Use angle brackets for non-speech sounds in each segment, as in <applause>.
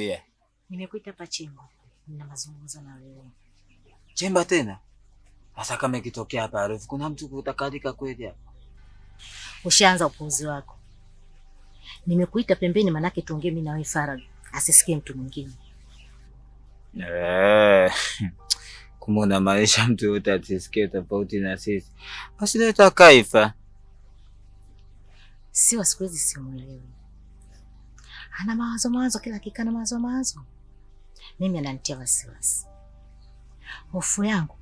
Mwiya. Nimekuita hapa Chemba. Nina mazungumzo na wewe. Chemba tena? Sasa kama ikitokea hapa harufu kuna mtu kutakalika kweli hapa. Ushaanza upuuzi wako. Nimekuita pembeni manake tuongee mimi na wewe Farag. Asisikie mtu mwingine. Eh. Kumbe na maisha mtu yote atisikie tofauti na sisi. Basi leta kaifa. Sio, siwezi simuelewi ana mawazo mawazo, kila kika na mawazo mawazo. Mimi ananitia wasiwasi, hofu yangu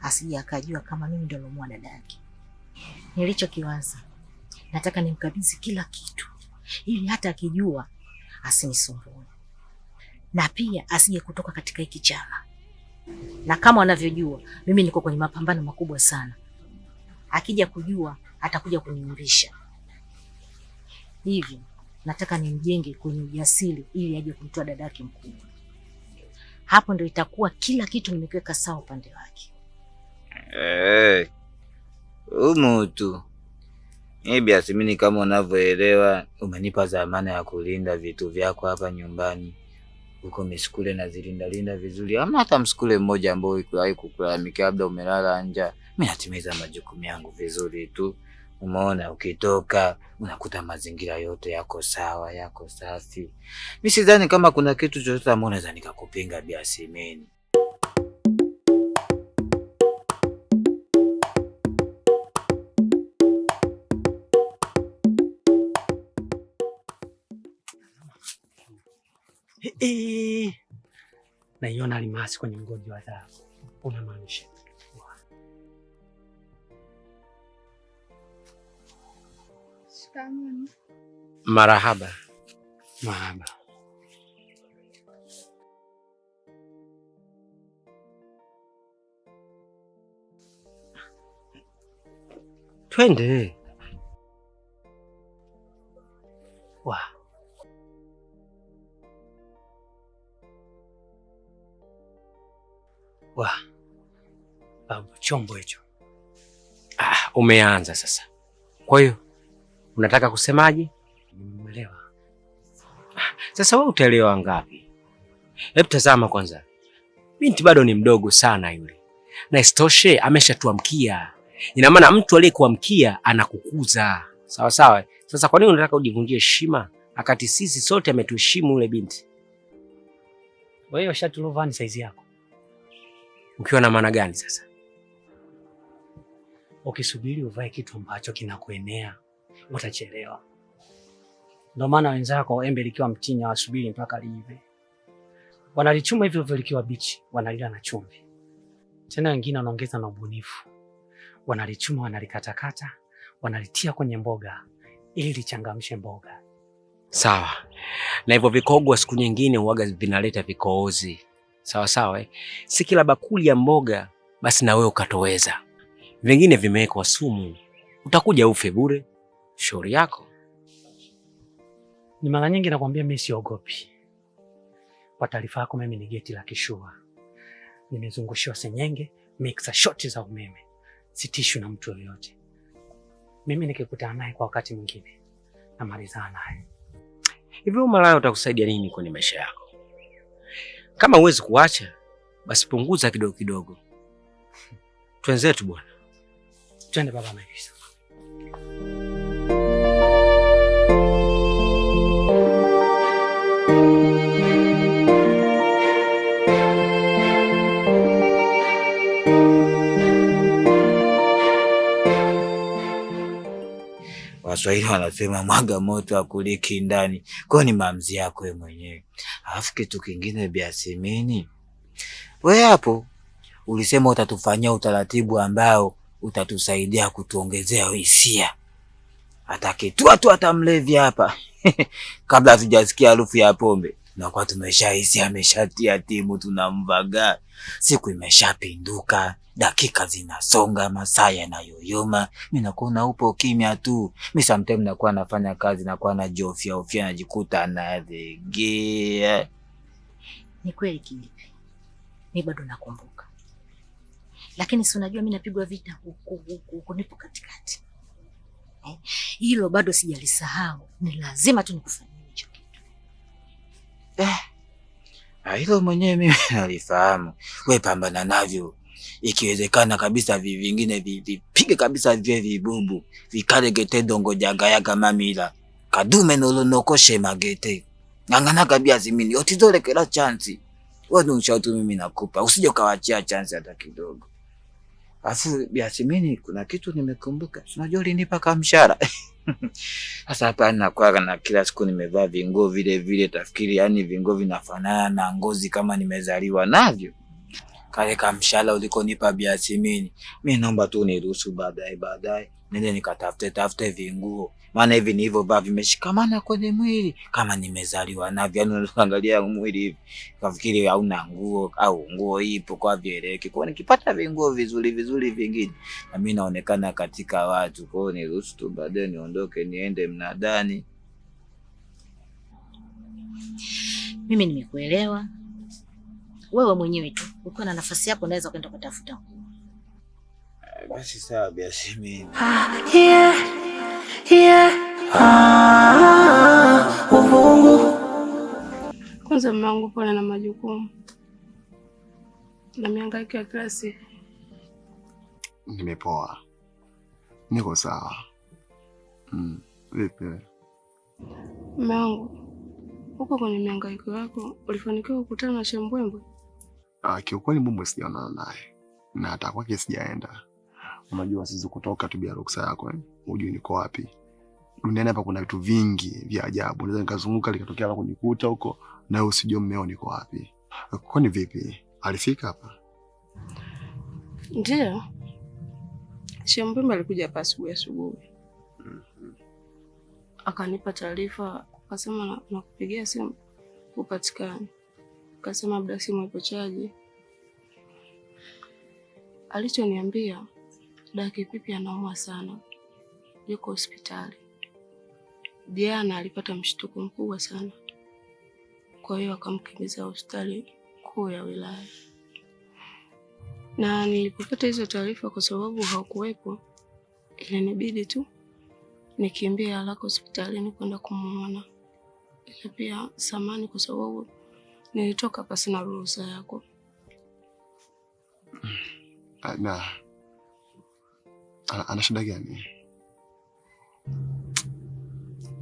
asije akajua kama mimi ndio nimemuua dada yake. Nilichokiwaza, nataka nimkabidhi kila kitu, ili hata akijua asinisumbue, na pia asije kutoka katika hiki chama. Na kama wanavyojua mimi niko kwenye mapambano makubwa sana, akija kujua atakuja kuniumbisha hivyo nataka nimjenge kwenye ujasiri ili aje kumtoa dada yake mkubwa. Hapo ndo itakuwa kila kitu nimekiweka sawa upande wake. Hey, eh, umutu eh, Mimi kama unavyoelewa, umenipa zamana ya kulinda vitu vyako hapa nyumbani huko miskule na zilindalinda vizuri, ama hata mskule mmoja ambao ikuwahi kukulalamikia labda umelala nja. mi natimiza majukumu yangu vizuri tu. Umeona, ukitoka unakuta mazingira yote yako sawa, yako safi. Mi sidhani kama kuna kitu chochote ambao naweza nikakupinga Biasimeni. Naiona Almasi kwenye mgodi wa dhahabu, unamaanisha Shikamoo. Marahaba. Marahaba. Twende. Wa. Wa. Babu chombo hicho. Ah, umeanza sasa. Kwa hiyo Unataka kusemaje? Nimelewa. Ah, sasa wewe utaelewa ngapi? Hebu tazama kwanza, binti bado ni mdogo sana yule, na isitoshe ameshatuamkia. Ina maana mtu aliyekuamkia anakukuza sawa sawa. Sasa kwa nini unataka ujivunjie heshima akati sisi sote ametuheshimu yule binti? Wewe shatulovani saizi yako, ukiwa na maana gani? Sasa ukisubiri uvae kitu ambacho kinakuenea utachelewa. Ndio maana wenzako embe likiwa mtini hawasubiri mpaka liive, wanalichuma hivyo hivyo, likiwa bichi wanalila na chumvi. Tena wengine wanaongeza na ubunifu, wanalichuma wanalikatakata, wanalitia kwenye mboga ili lichangamshe mboga. Sawa na hivyo vikogwa, siku nyingine uwaga vinaleta vikoozi. Sawa sawa, eh? Si kila bakuli ya mboga basi na wewe ukatoweza, vingine vimewekwa sumu, utakuja ufe bure shauri yako. Ni mara nyingi nakwambia mimi siogopi. Kwa taarifa yako, mimi ni geti la kishua, nimezungushiwa senyenge, miksa shoti za umeme, sitishwi na mtu yoyote. Mimi nikikutana naye kwa wakati mwingine namalizana naye. Hivi malaya utakusaidia nini kwenye maisha yako? Kama huwezi kuacha, basi punguza kidogo kidogo. <laughs> Twenzetu bwana, twende baba Melisa. Waswahili wanasema mwaga moto akuliki ndani, kwayo ni maamuzi yako wewe mwenyewe. Alafu kitu kingine, Biasimini, we hapo ulisema utatufanyia utaratibu ambao utatusaidia kutuongezea hisia, atakitua tu mlevi hapa <laughs> kabla hatujasikia harufu ya pombe nakuwa tumeshahisi ameshatia timu, tunamvaga siku imeshapinduka dakika zinasonga, masaa yanayoyoma, mimi nakuona upo kimya tu. Mi sometimes nakuwa nafanya kazi, nakuwa najiofia ofia, najikuta nadhegea. Ni kweli Kilipi, mi bado nakumbuka, lakini si unajua mi napigwa vita huku huku huku, nipo katikati eh, hilo eh, bado sijalisahau. Ni lazima tu nikufanyie hicho kitu eh. Ah, hilo mwenyewe mimi nalifahamu, we pambana navyo ikiwezekana kabisa vingine vipige kabisa vye vibumbu vikale gete dongo jagayaka mamila kadume nolo nolonokoshe magete ng'ang'ana kabia zimini otizole kela chansi wadu ushautu mimi nakupa usije ukawachia chansi hata kidogo. Afu biasimini, kuna kitu nimekumbuka. Unajua ulinipa kamshara <laughs> sasa hapa nakwaga na kila siku nimevaa vinguo vile vile, tafikiri yani vinguo vinafanana na ngozi kama nimezaliwa navyo kale kamshala ulikonipa biasimini, mi naomba tu niruhusu baadaye baadaye nende nikatafute tafute vinguo, maana hivi ni hivyo vaa vimeshikamana kwenye mwili kama nimezaliwa navyo. Yani unaangalia mwili hivi kafikiri hauna nguo au nguo ipo kwa vieleki. Kwa nikipata vinguo vizuri vizuri vingine, na mimi naonekana katika watu, kwa hiyo niruhusu tu baadaye niondoke niende mnadani. Mimi nimekuelewa wewe mwenyewe tu ukiwa na nafasi yako unaweza kwenda kutafuta Basi sawa, biashimi. Ah, ah, Kwanza pole na majukumu na mihangaiko ya kila siku. Nimepoa, niko sawa. Mm, vipi vipi wangu, huko kwenye miangaiko yako ulifanikiwa kukutana na Shembwembwe? Uh, kiukweli Bubu sijaonana naye na hata kwake sijaenda. Unajua sisi kutoka tu bila ruksa yako eh? Hujui niko wapi duniani hapa. Kuna vitu vingi vya ajabu, naweza nikazunguka likatokea la kunikuta huko na usijue mmeo niko wapi. Kwani vipi, alifika hapa? Ndio, Shambimba alikuja hapa asubuhi asubuhi, mm -hmm. Akanipa taarifa akasema, nakupigia simu upatikane kasema labda simu ipo chaji. Alichoniambia dada Kipipi anaumwa sana, yuko hospitali. Jana alipata mshtuko mkubwa sana, kwa hiyo akamkimbiza hospitali kuu ya wilaya. Na nilipopata hizo taarifa, kwa sababu haukuwepo, ilinibidi tu nikimbia haraka hospitalini kwenda kumwona, ila pia samani, kwa sababu Nilitoka pasina ruhusa yako. Ah, na ana shida gani?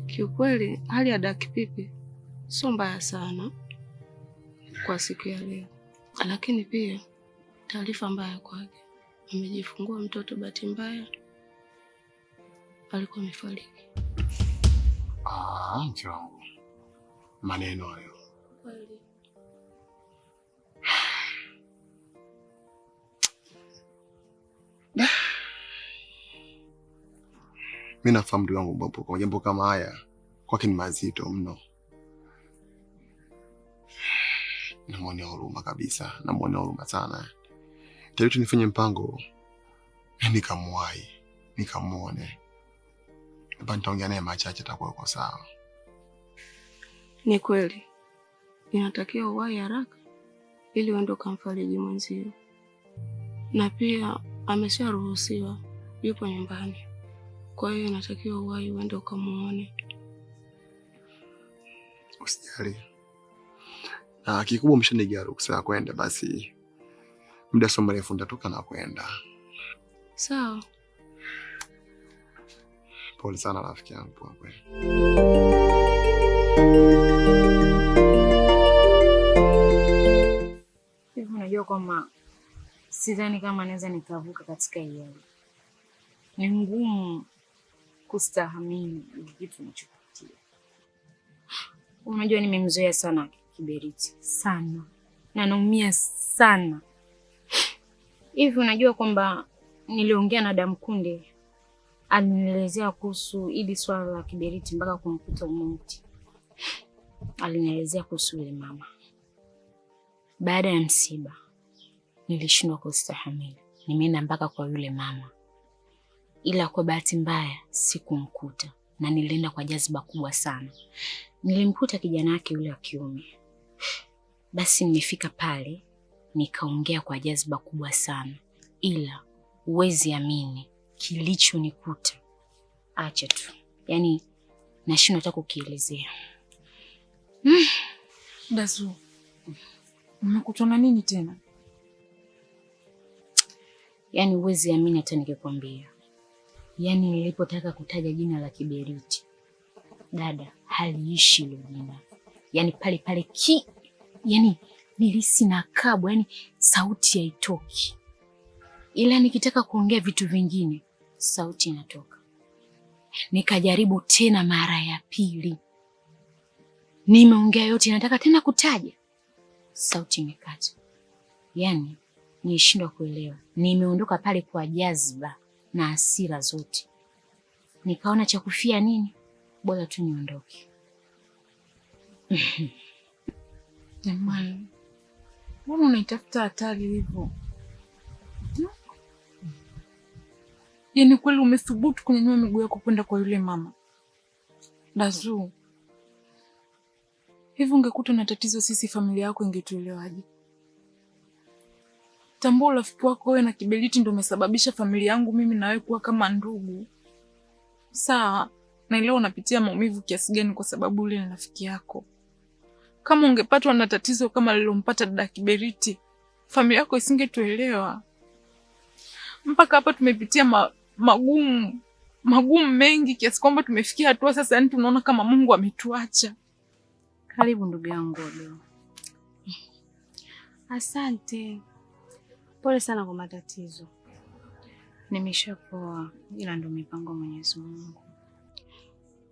Kiukweli hali ya Dakipipi sio mbaya sana kwa siku ya leo, lakini pia taarifa mbaya kwake, amejifungua mtoto, bahati mbaya alikuwa amefariki. Ah, mke wangu, maneno hayo kweli mi nafahamu ndugu yangu Mbapo, kwa jambo kama haya kwake ni mazito mno. Namwonea huruma kabisa, namwonea huruma sana. Itabidi nifanye mpango nikamwahi, nikamwone hapa, nitaongea naye machache, atakuwa uko sawa. Ni kweli inatakiwa uwai haraka ili uende ukamfariji mwenzio, na pia amesharuhusiwa, yupo nyumbani. Kwa hiyo natakiwa uwai uende ukamuone. Usijali, na kikubwa mshanigia ruksa ya kwenda, basi muda sio mrefu nitatoka na kwenda. Sawa. Pole sana rafiki yangu kwa kweli. Unajua kwamba sidhani kama naweza nikavuka katika hiyo, ni ngumu kustahamili kitu nachopitia. Unajua, nimemzoea sana kiberiti sana, na naumia sana hivi. Unajua kwamba niliongea na Damkunde, alinielezea kuhusu hili swala la kiberiti mpaka kumkuta umauti. Alinielezea kuhusu yule mama. Baada ya msiba, nilishindwa kustahamili, nimeenda mpaka kwa yule mama ila kwa bahati mbaya sikumkuta na nilienda kwa jaziba kubwa sana. Nilimkuta kijana wake yule wa kiume. Basi nimefika pale nikaongea kwa jaziba kubwa sana, ila huwezi amini kilichonikuta. Acha tu, yaani nashindwa hata kukielezea. Mm. Dazu, mmekutana nini tena? Yaani huwezi amini hata nikikwambia yaani nilipotaka kutaja jina la Kiberiti dada, haliishi hilo jina, yaani pale pale ki, yaani nilisi na kabu, yaani sauti haitoki, ila nikitaka kuongea vitu vingine sauti inatoka. Nikajaribu tena mara ya pili, nimeongea yote, nataka tena kutaja, sauti imekata. Yaani nilishindwa kuelewa, nimeondoka pale kwa jazba na hasira zote, nikaona cha kufia nini, bora tu niondoke. <laughs> Jamani, mbona unaitafuta hatari hivyo? Yaani kweli umethubutu kunyanyua miguu yako kwenda kwa yule mama Dazuu? Hivi ungekuta na tatizo, sisi familia yako ingetuelewaje? Tambua urafiki wako wewe na Kiberiti ndio umesababisha familia yangu mimi na wewe kuwa kama ndugu. Sawa, naelewa unapitia maumivu kiasi gani kwa sababu yule ni rafiki yako. Kama ungepatwa na tatizo kama lilompata dada Kiberiti, familia yako isingetuelewa. Mpaka hapa tumepitia ma, magumu magumu mengi kiasi kwamba tumefikia hatua sasa, yani tunaona kama Mungu ametuacha. Karibu ndugu yangu. Asante. Pole sana kwa matatizo. Nimeshapoa, ila ndo mipango Mwenyezi Mungu.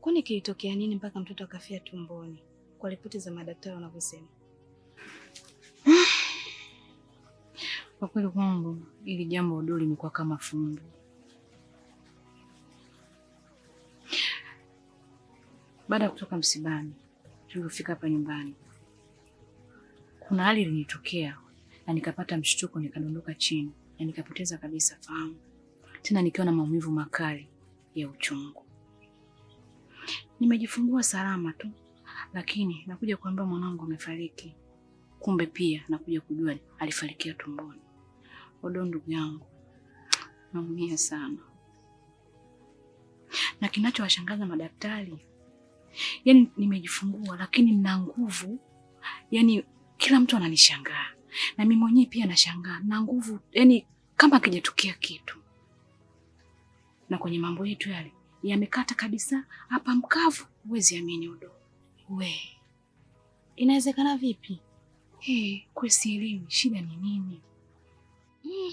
Kwani kilitokea nini mpaka mtoto akafia tumboni? Kwa ripoti za madaktari wanavyosema. Kwa kweli kwangu ili jambo udoli limekuwa kama fumbo. Baada ya kutoka msibani, tulipofika hapa nyumbani, kuna hali ilinitokea na nikapata mshtuko, nikadondoka chini na nikapoteza kabisa fahamu, tena nikiwa na maumivu makali ya uchungu. Nimejifungua salama tu, lakini nakuja kuambia mwanangu amefariki. Kumbe pia nakuja kujua alifarikia tumboni. Odo, ndugu yangu, naumia sana. Na kinachowashangaza madaktari, yani nimejifungua, lakini nina nguvu, yani kila mtu ananishangaa na mimi mwenyewe pia nashangaa na nguvu, yani kama akijatukia kitu. Na kwenye mambo yetu yale yamekata kabisa, hapa mkavu, huwezi amini Udo. We, inawezekana vipi? Hey, kwe sielewi shida ni nini? Mm.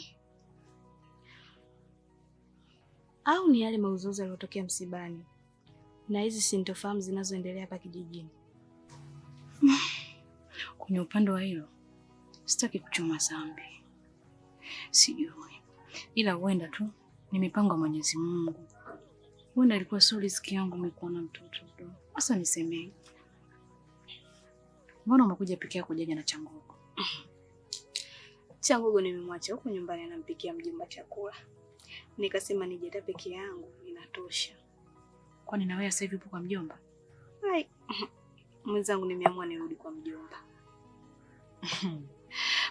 Au ni yale mauzauzi yaliyotokea msibani na hizi sintofahamu zinazoendelea hapa kijijini? <sighs> Kwenye upande wa hilo Sitaki kuchuma zambi, sijui, ila huenda tu ni mipango ya Mwenyezi Mungu. Huenda ilikuwa sio riziki yangu umekuwa na mtoto tu. Sasa nisemee, mbona umekuja peke yako jaja na Changugo? Changugo nimemwacha huko nyumbani, anampikia mjomba chakula, nikasema nijeta peke yangu inatosha. Kwani na wewe sasa hivi upo kwa mjomba? Mwenzangu, nimeamua nirudi kwa mjomba <laughs>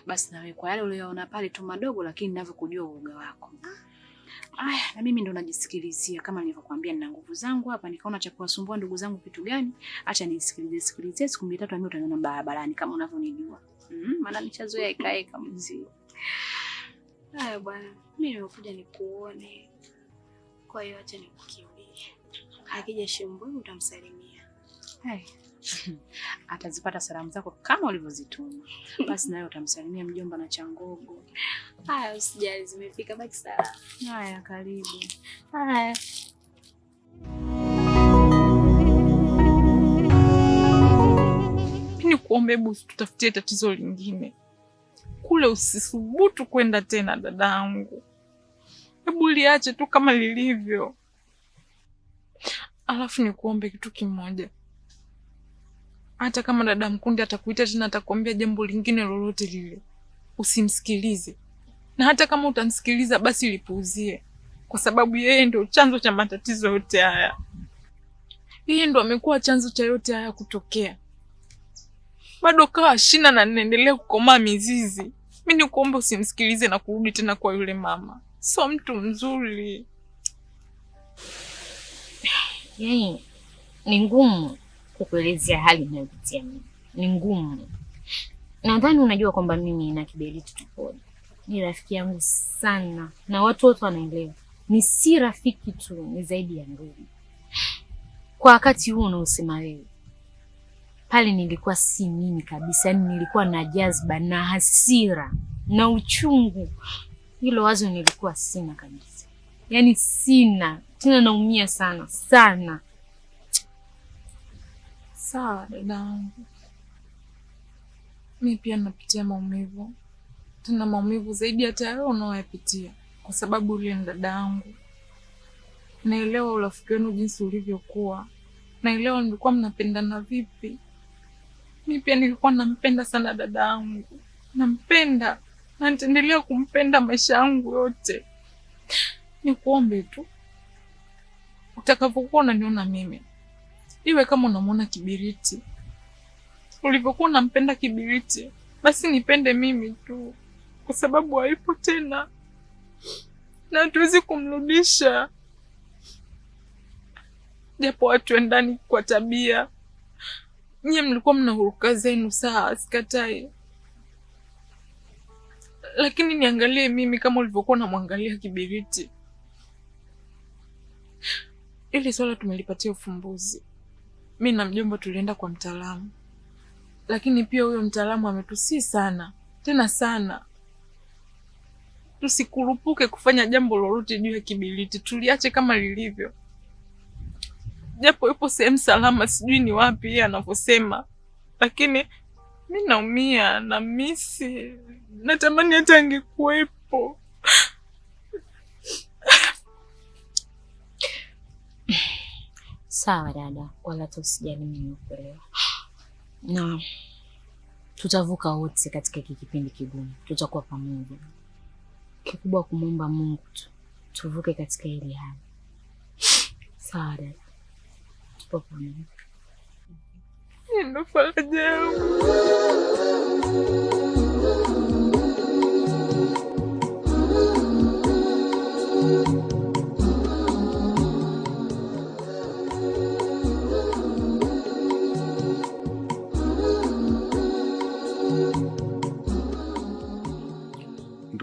basi nawe kwa yale uliyoona pale tu madogo, lakini ninavyokujua uoga wako. Ah. Aya, na mimi ndo najisikilizia kama nilivyokuambia, nina nguvu zangu hapa, nikaona cha kuwasumbua ndugu zangu kitu gani, acha nisikilize sikilize, siku mbili tatu, mimi utaniona barabarani kama unavyonijua, mm, maana mm, nichazoea kama mzio. Haya bwana, mimi nimekuja nikuone, kwa hiyo acha nikukimbie. Akija shimbo utamsalimia. Hey. <laughs> atazipata salamu zako kama ulivyozituma. Basi nawe utamsalimia mjomba na Changogo. Haya, usijali, zimefika. Baki salama. Haya, karibu. Haya. Nikuombe, hebu tutafutie tatizo lingine kule, usisubutu kwenda tena dadangu. Hebu liache tu kama lilivyo, alafu nikuombe kitu kimoja hata kama dada Mkundi atakuita tena atakuambia jambo lingine lolote lile, usimsikilize. Na hata kama utamsikiliza, basi lipuuzie, kwa sababu yeye ndio chanzo cha matatizo yote haya. Yeye ndo amekuwa chanzo cha yote haya kutokea. Bado kawa shina na ninaendelea kukomaa mizizi. Mi kuomba usimsikilize na kurudi tena kwa yule mama, sio mtu mzuri. Yaani, ni ngumu kukuelezea hali inayopitia mimi ni ngumu. Nadhani unajua kwamba mimi na Kibeli tutapona, ni rafiki yangu sana na watu wote wanaelewa, ni si rafiki tu, ni zaidi ya ndugu. Kwa wakati huu unaosema wewe pale, nilikuwa si mimi kabisa, yaani nilikuwa na jazba na hasira na uchungu. Hilo wazo nilikuwa sina kabisa, yaani sina tena, naumia sana sana. Sawa dada wangu, mi pia napitia maumivu, tena maumivu zaidi hata wewe unaoyapitia, kwa sababu ule ni dada yangu. Naelewa urafiki wenu jinsi ulivyokuwa, naelewa mlikuwa mnapendana vipi. Mi pia nilikuwa nampenda sana dada yangu, nampenda na nitaendelea kumpenda maisha yangu yote. Nikuombe tu utakapokuwa unaniona mimi iwe kama unamwona Kibiriti ulivyokuwa unampenda Kibiriti, basi nipende mimi tu, kwa sababu haipo tena na hatuwezi kumrudisha, japo watu endani kwa tabia. Nyie mlikuwa mna huruka zenu, saa sikatai, lakini niangalie mimi kama ulivyokuwa unamwangalia Kibiriti. Ili swala tumelipatia ufumbuzi mi na mjomba tulienda kwa mtaalamu, lakini pia huyo mtaalamu ametusii sana tena sana, tusikurupuke kufanya jambo lolote juu ya kibiliti, tuliache kama lilivyo, japo yupo sehemu salama, sijui ni wapi yeye anavyosema, lakini mi naumia na misi, natamani hata angekuwepo Sawa dada, wala tu usijali, mimi nimekuelewa na tutavuka wote katika hiki kipindi kigumu, tutakuwa pamoja. Kikubwa kumwomba Mungu tu tuvuke katika hili hali. Sawa dada, tupo pamoja. Ndo faraja yangu.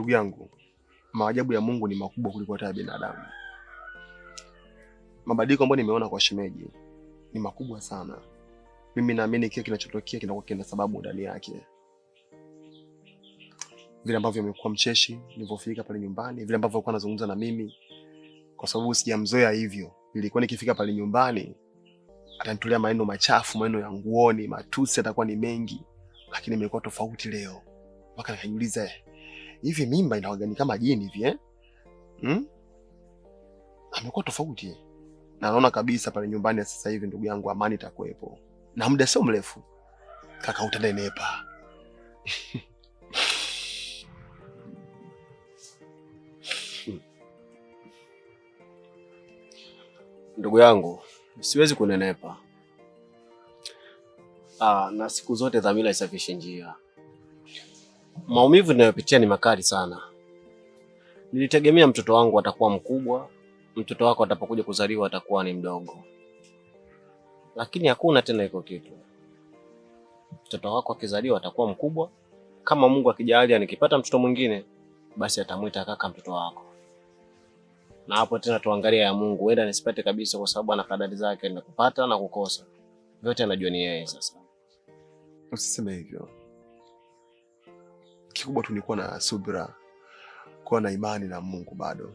ndugu yangu, maajabu ya Mungu ni makubwa kuliko hata ya binadamu. Mabadiliko ambayo nimeona kwa shemeji ni makubwa sana. Mimi naamini kile kinachotokea kinakuwa kina sababu ndani yake, vile ambavyo amekuwa mcheshi nilipofika pale nyumbani, vile ambavyo alikuwa anazungumza na mimi, kwa sababu sijamzoea hivyo. Nilikuwa nikifika pale nyumbani atanitolea maneno machafu, maneno ya nguoni, matusi atakuwa ni mengi, lakini imekuwa tofauti leo, mpaka nikajiuliza hivi mimba inawagani kama jini hivi eh? Hmm? Amekuwa tofauti na naona kabisa pale nyumbani ya sasa hivi, ndugu yangu Amani itakuwepo na muda sio mrefu, kaka utanenepa. <laughs> Ndugu yangu, siwezi kunenepa. Aa, ah, na siku zote dhamira isafishe njia Maumivu ninayopitia ni makali sana. Nilitegemea mtoto wangu atakuwa mkubwa, mtoto wako atapokuja kuzaliwa atakuwa ni mdogo, lakini hakuna tena iko kitu. Mtoto wako akizaliwa atakuwa mkubwa, kama Mungu akijalia nikipata mtoto mwingine, basi atamwita kaka mtoto wako, na hapo tena tuangalia ya Mungu, wenda nisipate kabisa, kwa sababu ana kadari zake, na kupata na kukosa vyote anajua ni yeye. Sasa usiseme hivyo kikubwa tu kuwa na subira, kuwa na imani na Mungu bado,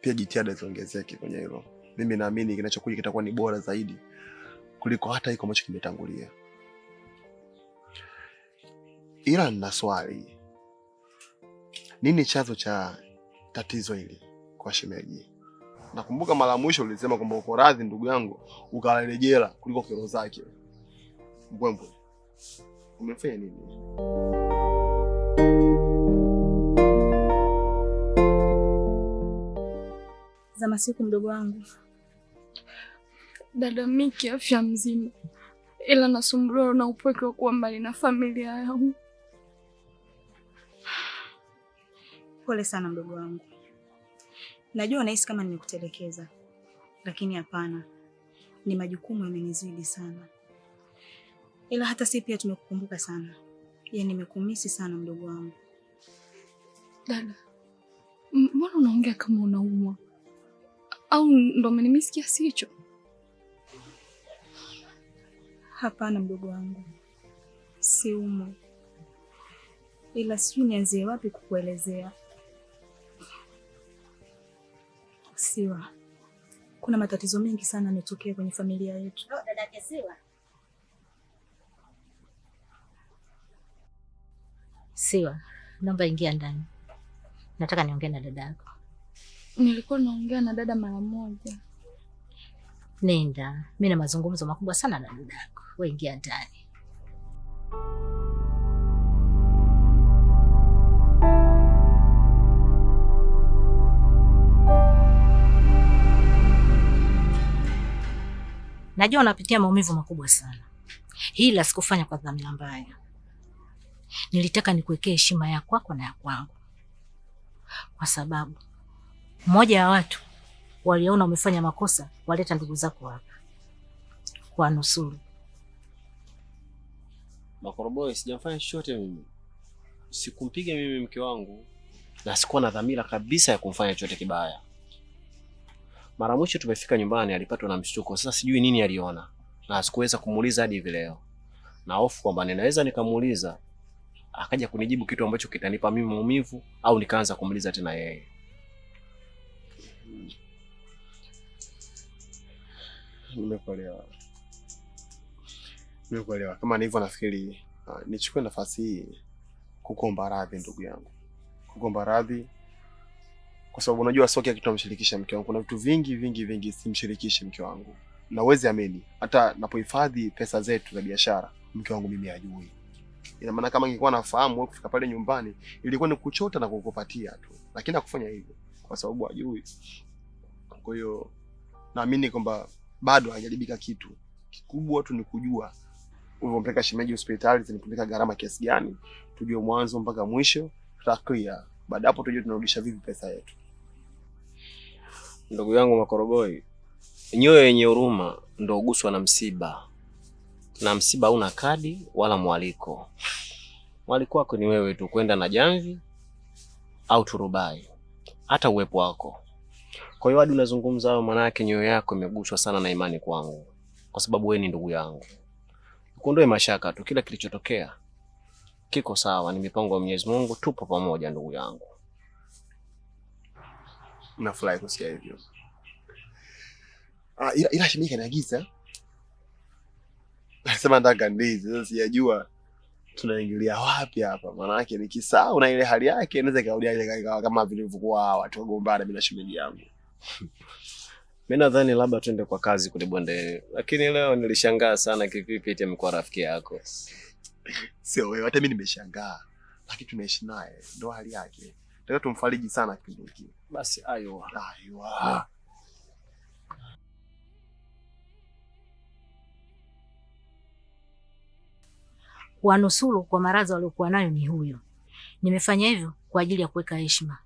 pia jitihada ziongezeke kwenye hilo. Mimi naamini kinachokuja kitakuwa ni bora zaidi kuliko hata hiko ambacho kimetangulia, ila nina swali, nini chanzo cha tatizo hili kwa shemeji? Nakumbuka mara mwisho ulisema kwamba uko radhi ndugu yangu ukarejea kuliko kero zake. Mbwembwe, umefanya nini? za masiku, mdogo wangu. Dada, miki kiafya mzima, ila nasumbuliwa na upweke wa kuwa mbali na familia yangu. Pole sana mdogo wangu, najua unahisi kama nimekutelekeza, lakini hapana, ni majukumu yamenizidi sana, ila hata si pia tumekukumbuka sana, yaani nimekumisi sana mdogo wangu. Dada, mbona unaongea kama unaumwa? au ndo mmenimisikia kiasi hicho? Hapana mdogo wangu, si umo, ila sijui nianzie wapi kukuelezea. Siwa, kuna matatizo mengi sana yametokea kwenye familia yetu. No, oh, dadake Siwa. Siwa, naomba ingia ndani, nataka niongee na dada yako. Nilikuwa naongea na dada mara moja. Nenda, mimi na mazungumzo makubwa sana na dada yako. Wewe ingia ndani. Najua unapitia maumivu makubwa sana, ila sikufanya kwa dhamira mbaya. Nilitaka nikuwekee heshima ya kwako na ya kwangu, kwa sababu mmoja wa watu waliona umefanya makosa, waleta ndugu zako hapa kwa nusuru. Makoroboi, sijafanya chochote mimi, sikumpiga mimi mke wangu, na sikuwa na dhamira kabisa ya kumfanya chochote kibaya. Mara mwisho tumefika nyumbani alipatwa na mshtuko. Sasa sijui nini aliona, na sikuweza kumuuliza hadi hivi leo, na hofu kwamba ninaweza nikamuuliza akaja kunijibu kitu ambacho kitanipa mimi maumivu, au nikaanza kumuuliza tena yeye. Nimekuelewa, nimekuelewa. Kama nilivyo, nafikiri uh, nichukue nafasi hii kukuomba radhi, ndugu yangu, kukuomba radhi kwa sababu unajua sio kila kitu namshirikisha mke wangu. Kuna vitu vingi vingi vingi simshirikishi mke wangu, na uwezi amini, hata napohifadhi pesa zetu za biashara mke wangu mimi hajui. Ina maana kama ningekuwa nafahamu wewe kufika pale nyumbani, ilikuwa ni kuchota na kukupatia tu, lakini hakufanya hivyo kwa sababu hajui. Kwa hiyo naamini kwamba bado hajaribika kitu kikubwa tu ni kujua ulivyompeleka shemeji hospitali zilipeleka gharama kiasi gani, tujue mwanzo mpaka mwisho takia. Baada hapo tujue tunarudisha vipi pesa yetu. Ndugu yangu Makorogoi, nyoyo yenye huruma ndo uguswa na msiba, na msiba hauna kadi wala mwaliko. Mwaliko wako ni wewe tu kwenda na jamvi au turubai hata uwepo wako. Kwa hiyo hadi unazungumza hayo, manake nyoyo yako imeguswa sana na imani kwangu, kwa sababu wewe ni ndugu yangu. Kuondoe mashaka tu, kila kilichotokea kiko sawa, ni mipango ya Mwenyezi Mungu. Tupo pamoja, ndugu yangu. Nafurahi kusikia hivyo. Ah, ila ila shimika naagiza. <laughs> Nasema ndaga ndizi, sasa sijajua tunaingilia wapi hapa? Maanake nikisahau na ile hali yake inaweza ikarudia kama vile watu wagombana bila shughuli yangu. <laughs> mi nadhani labda tuende kwa kazi kule bondeni, lakini leo nilishangaa sana. Kivipi eti amekuwa rafiki yako? Sio wewe, hata mi nimeshangaa, lakini tunaishi naye, ndo hali yake. Tunamfariji sana kipindi hiki. Basi aywa, wanusuru kwa maradhi waliokuwa nayo ni huyo. Nimefanya hivyo kwa ajili ya kuweka heshima.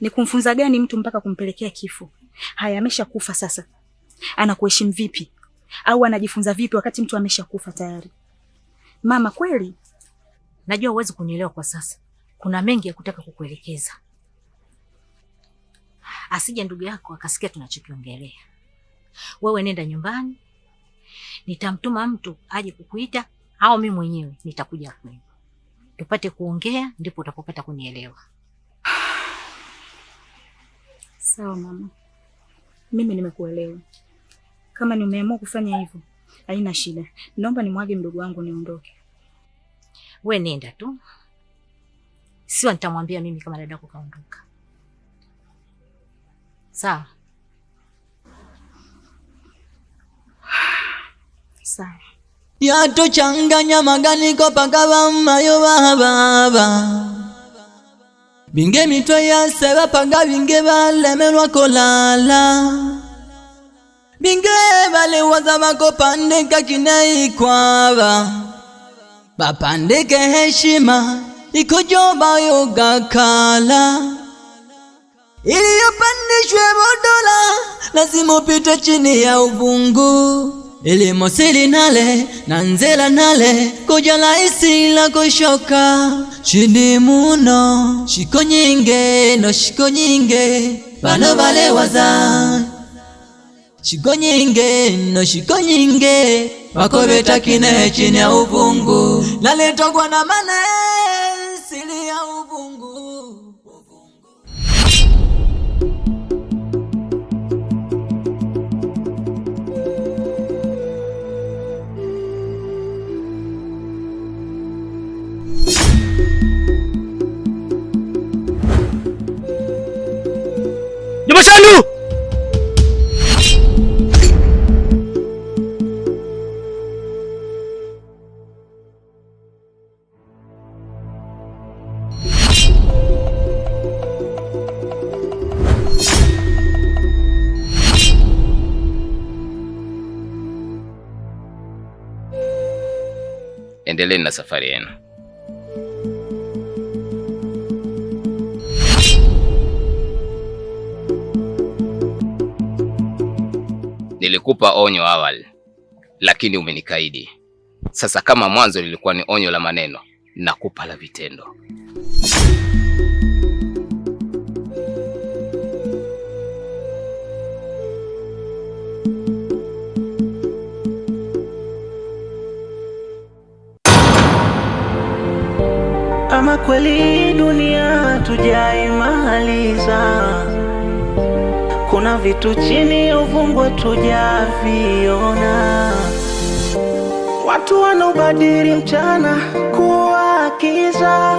Ni kumfunza gani mtu mpaka kumpelekea kifo? Haya, ameshakufa sasa, anakuheshimu vipi? Au anajifunza vipi wakati mtu ameshakufa tayari? Mama kweli, najua huwezi kunielewa kwa sasa, kuna mengi ya kutaka kukuelekeza, asije ndugu yako akasikia tunachokiongelea. Wewe nenda nyumbani, nitamtuma mtu aje kukuita au mi mwenyewe nitakuja kwenu tupate kuongea, ndipo utapopata kunielewa. Sawa mama, mimi nimekuelewa. Kama nimeamua kufanya hivyo, haina shida. Naomba nimwage mdogo wangu niondoke. We nenda tu, sio nitamwambia mimi kama dadako kaondoka. Sawa sawa yatochanganya maganiko pagavammayo vavava binge mitwe yase vapaga vinge valemelwa kolala binge valiwaza vakopandika kineikwava vapandike heshima ikojovayo gakala iliyopandishwe bodola lazima upite chini ya uvungu ilimosili nale na nzela nale la isila kushoka chini muno shiko nyinge no shiko nyinge bano waza shiko nyinge no shiko nyinge wakobeta kine chini ya uvungu naletogwa na mane Mashanu endeleeni na safari yenu. Nilikupa onyo awali, lakini umenikaidi. Sasa kama mwanzo lilikuwa ni onyo la maneno, nakupa la vitendo. Ama kweli dunia tujaimaliza kuna vitu chini uvungwe tujaviona. Watu wanaobadili mchana kuwa kiza,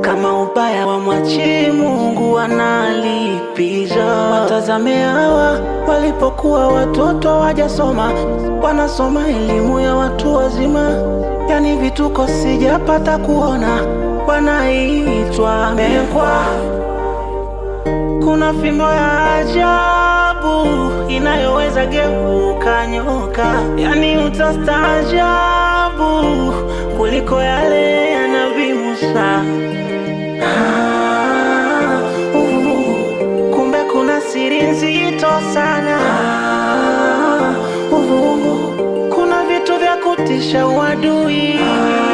kama ubaya wa mwachi Mungu wanalipiza. Watazame hawa walipokuwa watoto wajasoma, wanasoma elimu ya watu wazima, yani vituko sijapata kuona, wanaitwa mekwa kuna fimbo ya ajabu inayoweza geuka nyoka, yani utastaajabu kuliko yale ya Ah, uh, kumbe kuna siri nzito sana. Ah, uhu, uh, uh, kuna vitu vya kutisha uadui. Ah,